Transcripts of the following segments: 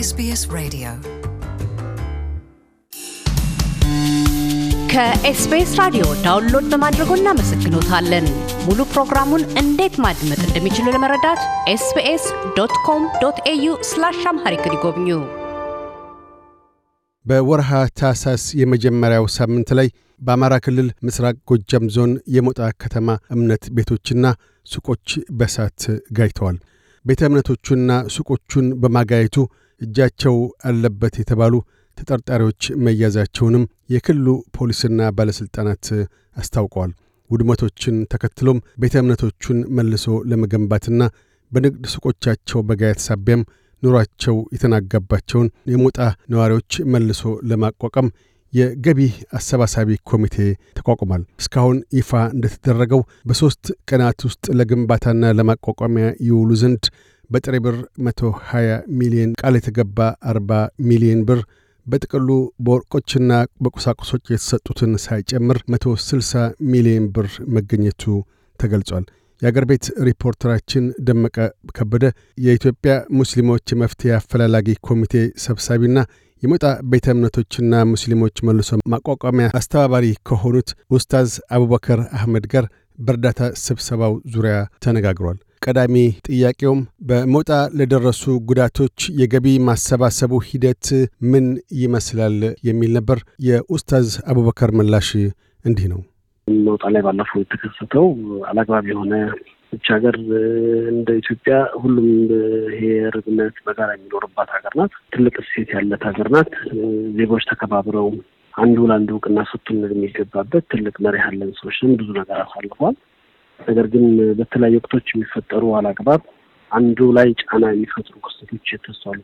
ኤስቢኤስ ሬዲዮ ከኤስቢኤስ ራዲዮ ዳውንሎድ በማድረጎ እናመሰግኖታለን። ሙሉ ፕሮግራሙን እንዴት ማድመጥ እንደሚችሉ ለመረዳት ኤስቢኤስ ዶት ኮም ዶት ኤዩ ስላሽ አምሃሪክ ይጎብኙ። በወርሃ ታህሳስ የመጀመሪያው ሳምንት ላይ በአማራ ክልል ምስራቅ ጎጃም ዞን የሞጣ ከተማ እምነት ቤቶችና ሱቆች በእሳት ጋይተዋል። ቤተ እምነቶቹና ሱቆቹን በማጋየቱ እጃቸው አለበት የተባሉ ተጠርጣሪዎች መያዛቸውንም የክልሉ ፖሊስና ባለሥልጣናት አስታውቀዋል። ውድመቶችን ተከትሎም ቤተ እምነቶቹን መልሶ ለመገንባትና በንግድ ሱቆቻቸው በጋየት ሳቢያም ኑሯቸው የተናጋባቸውን የሞጣ ነዋሪዎች መልሶ ለማቋቋም የገቢ አሰባሳቢ ኮሚቴ ተቋቁሟል። እስካሁን ይፋ እንደተደረገው በሦስት ቀናት ውስጥ ለግንባታና ለማቋቋሚያ ይውሉ ዘንድ በጥሬ ብር 120 ሚሊዮን ቃል የተገባ 40 ሚሊዮን ብር በጥቅሉ በወርቆችና በቁሳቁሶች የተሰጡትን ሳይጨምር 160 ሚሊዮን ብር መገኘቱ ተገልጿል። የአገር ቤት ሪፖርተራችን ደመቀ ከበደ የኢትዮጵያ ሙስሊሞች መፍትሄ አፈላላጊ ኮሚቴ ሰብሳቢና የሞጣ ቤተ እምነቶችና ሙስሊሞች መልሶ ማቋቋሚያ አስተባባሪ ከሆኑት ኡስታዝ አቡበከር አህመድ ጋር በእርዳታ ስብሰባው ዙሪያ ተነጋግሯል። ቀዳሚ ጥያቄውም በሞጣ ለደረሱ ጉዳቶች የገቢ ማሰባሰቡ ሂደት ምን ይመስላል የሚል ነበር። የኡስታዝ አቡበከር ምላሽ እንዲህ ነው። ሞጣ ላይ ባለፈው የተከሰተው አላግባብ የሆነ ብቻ ሀገር እንደ ኢትዮጵያ ሁሉም ይሄ ርግነት በጋራ የሚኖርባት ሀገር ናት። ትልቅ እሴት ያለት ሀገር ናት። ዜጎች ተከባብረው አንዱ ለአንዱ እውቅና ፍቱን የሚገባበት ትልቅ መሪ ያለን ሰዎች ብዙ ነገር አሳልፏል። ነገር ግን በተለያዩ ወቅቶች የሚፈጠሩ አላግባብ አንዱ ላይ ጫና የሚፈጥሩ ክስተቶች የተስተዋሉ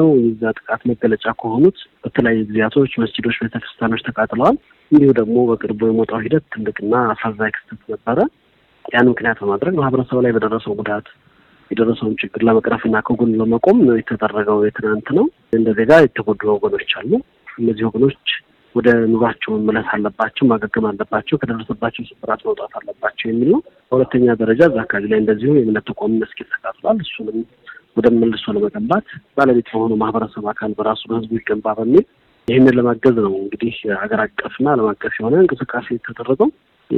ነው። የዛ ጥቃት መገለጫ ከሆኑት በተለያዩ ጊዜያቶች መስጂዶች፣ ቤተክርስቲያኖች ተቃጥለዋል። እንዲሁ ደግሞ በቅርቡ የሞጣው ሂደት ትልቅና አሳዛኝ ክስተት ነበረ። ያን ምክንያት በማድረግ ማህበረሰቡ ላይ በደረሰው ጉዳት የደረሰውን ችግር ለመቅረፍና ከጎን ለመቆም የተደረገው የትናንት ነው። እንደ ዜጋ የተጎዱ ወገኖች አሉ። እነዚህ ወገኖች ወደ ኑሯቸው መመለስ አለባቸው፣ ማገገም አለባቸው፣ ከደረሰባቸው ስብራት መውጣት አለባቸው የሚሉ በሁለተኛ ደረጃ እዛ አካባቢ ላይ እንደዚሁ የእምነት ተቋም መስጊድ ተቃጥሏል። እሱንም ወደ መልሶ ለመገንባት ባለቤት በሆነ ማህበረሰብ አካል በራሱ በህዝቡ ይገንባ በሚል ይህንን ለማገዝ ነው እንግዲህ ሀገር አቀፍና ዓለም አቀፍ የሆነ እንቅስቃሴ የተደረገው።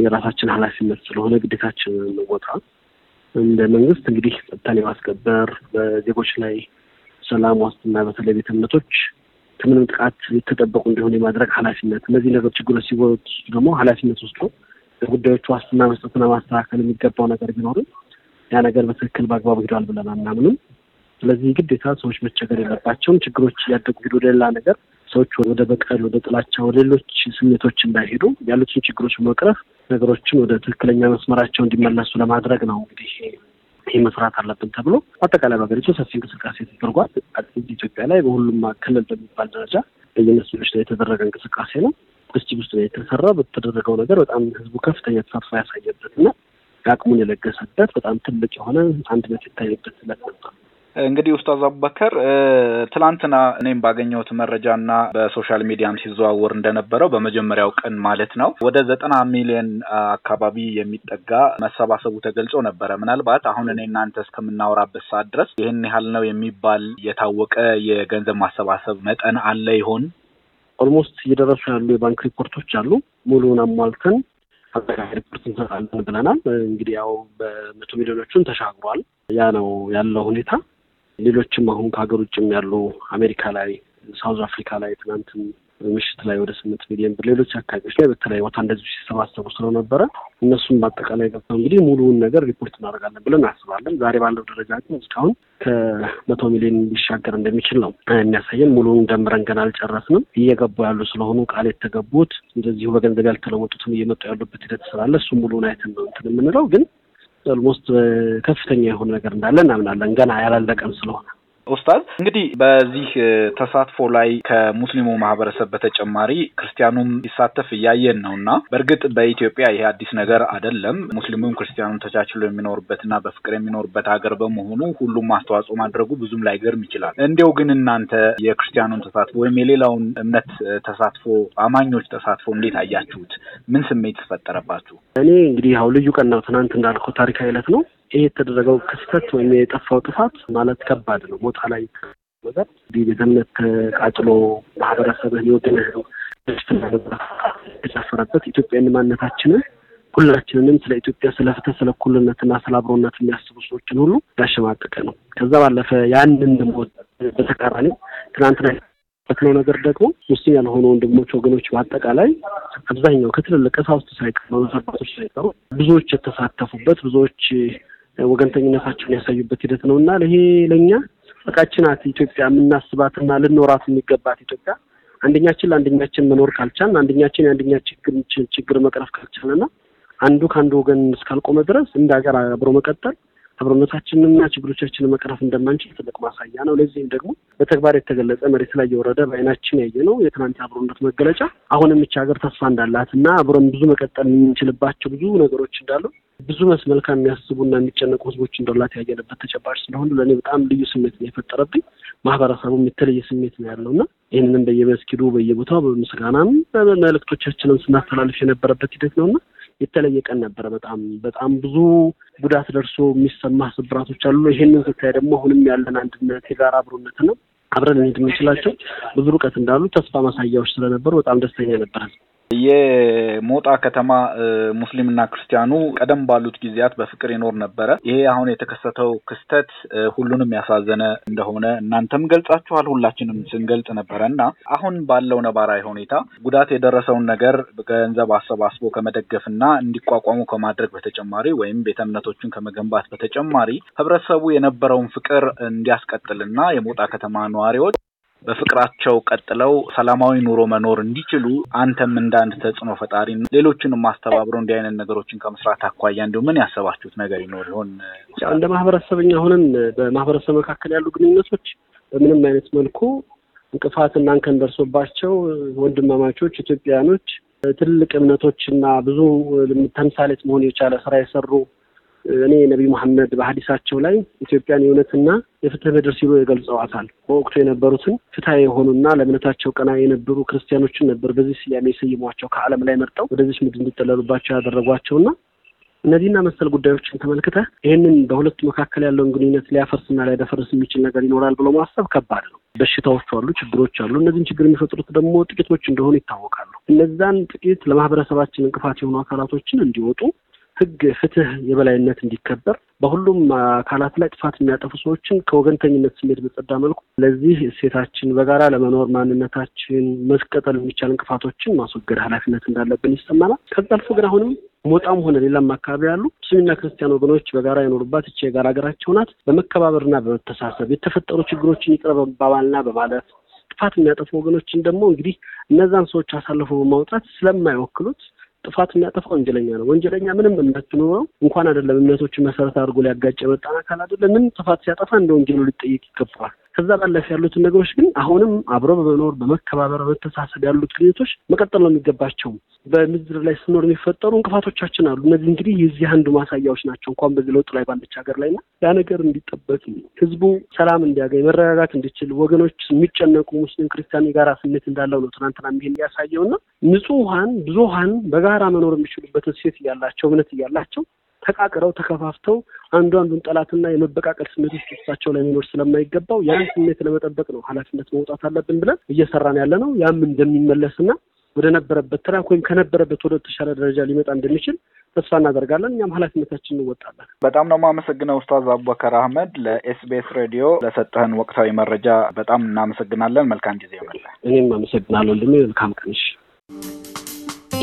የራሳችን ኃላፊነት ስለሆነ ግዴታችን እንወጣ። እንደ መንግስት እንግዲህ ጸጥታን የማስከበር በዜጎች ላይ ሰላም ዋስትና በተለይ ቤት እምነቶች ከምንም ጥቃት የተጠበቁ እንዲሆን የማድረግ ኃላፊነት እነዚህ ነገሮች ችግሮች ሲወጡ ደግሞ ኃላፊነት ውስጡ ለጉዳዮቹ ዋስትና መስጠትና ማስተካከል የሚገባው ነገር ቢኖርም ያ ነገር በትክክል በአግባቡ ሄዷል ብለን አናምንም። ስለዚህ ግዴታ ሰዎች መቸገር የለባቸውም። ችግሮች እያደጉ ሄዶ ሌላ ነገር ሰዎች ወደ በቀል፣ ወደ ጥላቻ፣ ወደ ሌሎች ስሜቶች እንዳይሄዱ ያሉትን ችግሮች መቅረፍ ነገሮችን ወደ ትክክለኛ መስመራቸው እንዲመለሱ ለማድረግ ነው እንግዲህ ይህ መስራት አለብን ተብሎ አጠቃላይ በሀገሪቱ ሰፊ እንቅስቃሴ ተደርጓል። ኢትዮጵያ ላይ በሁሉም ክልል በሚባል ደረጃ በየመስሎች ላይ የተደረገ እንቅስቃሴ ነው። በስቲቭ ውስጥ ላይ የተሰራ በተደረገው ነገር በጣም ህዝቡ ከፍተኛ ተሳትፎ ያሳየበት እና አቅሙን የለገሰበት በጣም ትልቅ የሆነ አንድነት የታየበት ስለት ነበር። እንግዲህ ኡስታዝ አቡበከር ትላንትና እኔም ባገኘሁት መረጃና በሶሻል ሚዲያም ሲዘዋወር እንደነበረው በመጀመሪያው ቀን ማለት ነው ወደ ዘጠና ሚሊዮን አካባቢ የሚጠጋ መሰባሰቡ ተገልጾ ነበረ። ምናልባት አሁን እኔ እናንተ እስከምናወራበት ሰዓት ድረስ ይህን ያህል ነው የሚባል የታወቀ የገንዘብ ማሰባሰብ መጠን አለ ይሆን? ኦልሞስት እየደረሱ ያሉ የባንክ ሪፖርቶች አሉ። ሙሉውን አሟልተን አጠቃላይ ሪፖርት እንሰጣለን ብለናል። እንግዲህ ያው በመቶ ሚሊዮኖቹን ተሻግሯል። ያ ነው ያለው ሁኔታ። ሌሎችም አሁን ከሀገር ውጭም ያሉ አሜሪካ ላይ፣ ሳውዝ አፍሪካ ላይ ትናንትም ምሽት ላይ ወደ ስምንት ሚሊዮን ብር ሌሎች አካባቢዎች ላይ በተለያዩ ቦታ እንደዚህ ሲሰባሰቡ ስለነበረ እነሱም በአጠቃላይ ገብተው እንግዲህ ሙሉውን ነገር ሪፖርት እናደርጋለን ብለን አስባለን። ዛሬ ባለው ደረጃ ግን እስካሁን ከመቶ ሚሊዮን ሊሻገር እንደሚችል ነው የሚያሳየን። ሙሉውን ደምረን ገና አልጨረስንም። እየገቡ ያሉ ስለሆኑ ቃል የተገቡት እንደዚሁ በገንዘብ ያልተለወጡትም እየመጡ ያሉበት ሂደት ስላለ እሱ ሙሉውን አይተን ነው እንትን የምንለው ግን ኦልሞስት ከፍተኛ የሆነ ነገር እንዳለ እናምናለን። ገና ያላለቀም ስለሆነ ኡስታዝ እንግዲህ በዚህ ተሳትፎ ላይ ከሙስሊሙ ማህበረሰብ በተጨማሪ ክርስቲያኑም ሲሳተፍ እያየን ነው እና በእርግጥ በኢትዮጵያ ይሄ አዲስ ነገር አይደለም። ሙስሊሙም ክርስቲያኑም ተቻችሎ የሚኖርበትና በፍቅር የሚኖርበት ሀገር በመሆኑ ሁሉም አስተዋጽኦ ማድረጉ ብዙም ላይገርም ይችላል። እንዲያው ግን እናንተ የክርስቲያኑን ተሳትፎ ወይም የሌላውን እምነት ተሳትፎ፣ አማኞች ተሳትፎ እንዴት አያችሁት? ምን ስሜት ተፈጠረባችሁ? እኔ እንግዲህ አሁን ልዩ ቀን ነው። ትናንት እንዳልከው ታሪካዊ ዕለት ነው። ይሄ የተደረገው ክስተት ወይም የጠፋው ጥፋት ማለት ከባድ ነው። ቦታ ላይ ነገር እንዲህ ቤተ እምነት ተቃጥሎ ማህበረሰብህን የወደነህን የተጨፈረበት ኢትዮጵያን ማንነታችንን ሁላችንንም ስለ ኢትዮጵያ፣ ስለ ፍትህ፣ ስለ እኩልነትና ስለ አብሮነት የሚያስቡ ሰዎችን ሁሉ ያሸማቀቀ ነው። ከዛ ባለፈ ያንን ደግሞ በተቃራኒ ትናንትና በተለው ነገር ደግሞ ሙስሊም ያልሆኑ ወንድሞች ወገኖች በአጠቃላይ አብዛኛው ከትልልቅ ቀሳውስት ሳይቀሩ አባቶች ሳይቀሩ ብዙዎች የተሳተፉበት ብዙዎች ወገንተኝነታቸውን ያሳዩበት ሂደት ነው እና ይሄ ለእኛ በቃችን ናት ኢትዮጵያ የምናስባትና ልኖራት የሚገባት ኢትዮጵያ አንደኛችን ለአንደኛችን መኖር ካልቻልን አንደኛችን የአንደኛችን ችግር መቅረፍ ካልቻለና አንዱ ከአንዱ ወገን እስካልቆመ ድረስ እንደ ሀገር አብሮ መቀጠል አብሮነታችንንና ችግሮቻችንን መቅረፍ እንደማንችል ትልቅ ማሳያ ነው። ለዚህም ደግሞ በተግባር የተገለጸ መሬት ላይ የወረደ በአይናችን ያየ ነው የትናንት የአብሮነት መገለጫ አሁንም ይቺ ሀገር ተስፋ እንዳላት እና አብረን ብዙ መቀጠል የምንችልባቸው ብዙ ነገሮች እንዳሉ ብዙ መስመልካ የሚያስቡና የሚጨነቁ ህዝቦች እንዳላት ያየንበት ተጨባጭ ስለሆነ ለእኔ በጣም ልዩ ስሜት ነው የፈጠረብኝ። ማህበረሰቡም የተለየ ስሜት ነው ያለው እና ይህንንም በየመስጊዱ በየቦታው በምስጋናም በመልእክቶቻችንም ስናስተላልፍ የነበረበት ሂደት ነውና የተለየ ቀን ነበረ። በጣም በጣም ብዙ ጉዳት ደርሶ የሚሰማ ስብራቶች አሉ። ይህንን ስታይ ደግሞ አሁንም ያለን አንድነት የጋራ አብሮነት ነው አብረን እንሂድ የምንችላቸው ብዙ ርቀት እንዳሉ ተስፋ ማሳያዎች ስለነበሩ በጣም ደስተኛ ነበረን። የሞጣ ከተማ ሙስሊምና ክርስቲያኑ ቀደም ባሉት ጊዜያት በፍቅር ይኖር ነበረ። ይሄ አሁን የተከሰተው ክስተት ሁሉንም ያሳዘነ እንደሆነ እናንተም ገልጻችኋል፣ ሁላችንም ስንገልጽ ነበረ እና አሁን ባለው ነባራዊ ሁኔታ ጉዳት የደረሰውን ነገር ገንዘብ አሰባስቦ ከመደገፍ እና እንዲቋቋሙ ከማድረግ በተጨማሪ ወይም ቤተ እምነቶችን ከመገንባት በተጨማሪ ህብረተሰቡ የነበረውን ፍቅር እንዲያስቀጥልና የሞጣ ከተማ ነዋሪዎች በፍቅራቸው ቀጥለው ሰላማዊ ኑሮ መኖር እንዲችሉ አንተም አንድ ተጽዕኖ ፈጣሪ ሌሎችንም ማስተባብረው እንዲህ አይነት ነገሮችን ከመስራት አኳያ እንዲሁ ምን ያሰባችሁት ነገር ይኖር ይሆን? እንደ ማህበረሰብኛ ሆነን በማህበረሰብ መካከል ያሉ ግንኙነቶች በምንም አይነት መልኩ እንቅፋት እንከን ደርሶባቸው ወንድማማቾች ኢትዮጵያኖች ትልቅ እምነቶችና ብዙ ተምሳሌት መሆን የቻለ ስራ የሰሩ እኔ ነቢይ መሐመድ በሀዲሳቸው ላይ ኢትዮጵያን የእውነትና የፍትህ ምድር ሲሉ ይገልጸዋታል። በወቅቱ የነበሩትን ፍትሀ የሆኑና ለእምነታቸው ቀና የነበሩ ክርስቲያኖችን ነበር በዚህ ስያሜ የሰይሟቸው ከዓለም ላይ መርጠው ወደዚች ምድር እንዲጠለሉባቸው ያደረጓቸውና እነዚህና መሰል ጉዳዮችን ተመልክተ ይህንን በሁለቱ መካከል ያለውን ግንኙነት ሊያፈርስና ሊያደፈርስ የሚችል ነገር ይኖራል ብሎ ማሰብ ከባድ ነው። በሽታዎች አሉ፣ ችግሮች አሉ። እነዚህን ችግር የሚፈጥሩት ደግሞ ጥቂቶች እንደሆኑ ይታወቃሉ። እነዛን ጥቂት ለማህበረሰባችን እንቅፋት የሆኑ አካላቶችን እንዲወጡ ህግ፣ ፍትህ የበላይነት እንዲከበር በሁሉም አካላት ላይ ጥፋት የሚያጠፉ ሰዎችን ከወገንተኝነት ስሜት በጸዳ መልኩ ለዚህ እሴታችን በጋራ ለመኖር ማንነታችን መቀጠል የሚቻል እንቅፋቶችን ማስወገድ ኃላፊነት እንዳለብን ይሰማናል። ከዛ አልፎ ግን አሁንም ሞጣም ሆነ ሌላም አካባቢ ያሉ ሙስሊምና ክርስቲያን ወገኖች በጋራ የኖሩባት እቺ የጋራ ሀገራቸው ናት። በመከባበርና በመተሳሰብ የተፈጠሩ ችግሮችን ይቅር በመባባልና በማለት ጥፋት የሚያጠፉ ወገኖችን ደግሞ እንግዲህ እነዛን ሰዎች አሳልፎ በማውጣት ስለማይወክሉት ጥፋት የሚያጠፋ ወንጀለኛ ነው። ወንጀለኛ ምንም እምነት ቢኖረው እንኳን አይደለም እምነቶችን መሰረት አድርጎ ሊያጋጭ የመጣን አካል አይደለም። ምን ጥፋት ሲያጠፋ እንደ ወንጀሉ ሊጠየቅ ይገባዋል። ከዛ ባለፈ ያሉትን ነገሮች ግን አሁንም አብሮ በመኖር በመከባበር በመተሳሰብ ያሉት ግኝቶች መቀጠል ነው የሚገባቸው። በምድር ላይ ስኖር የሚፈጠሩ እንቅፋቶቻችን አሉ። እነዚህ እንግዲህ የዚህ አንዱ ማሳያዎች ናቸው። እንኳን በዚህ ለውጥ ላይ ባለች ሀገር ላይ ና ያ ነገር እንዲጠበቅ ህዝቡ ሰላም እንዲያገኝ መረጋጋት እንዲችል ወገኖች የሚጨነቁ ሙስሊም ክርስቲያን የጋራ ስሜት እንዳለው ነው ትናንትና ይሄን ያሳየው ና ንጹሐን ብዙሀን በጋራ መኖር የሚችሉበትን ሴት እያላቸው እምነት እያላቸው ተቃቅረው ተከፋፍተው አንዱ አንዱን ጠላትና የመበቃቀል ስሜት ውስጥ እሳቸው ላይ መኖር ስለማይገባው ያን ስሜት ለመጠበቅ ነው ኃላፊነት መውጣት አለብን ብለን እየሰራን ያለ ነው። ያም እንደሚመለስና ወደ ነበረበት ትራክ ወይም ከነበረበት ወደ ተሻለ ደረጃ ሊመጣ እንደሚችል ተስፋ እናደርጋለን። እኛም ኃላፊነታችን እንወጣለን። በጣም ነው የማመሰግነው ኡስታዝ አቡበከር አህመድ ለኤስቢኤስ ሬዲዮ ለሰጠህን ወቅታዊ መረጃ በጣም እናመሰግናለን። መልካም ጊዜ ይሆናል። እኔም አመሰግናለሁ ወንድሜ። መልካም ቀንሽ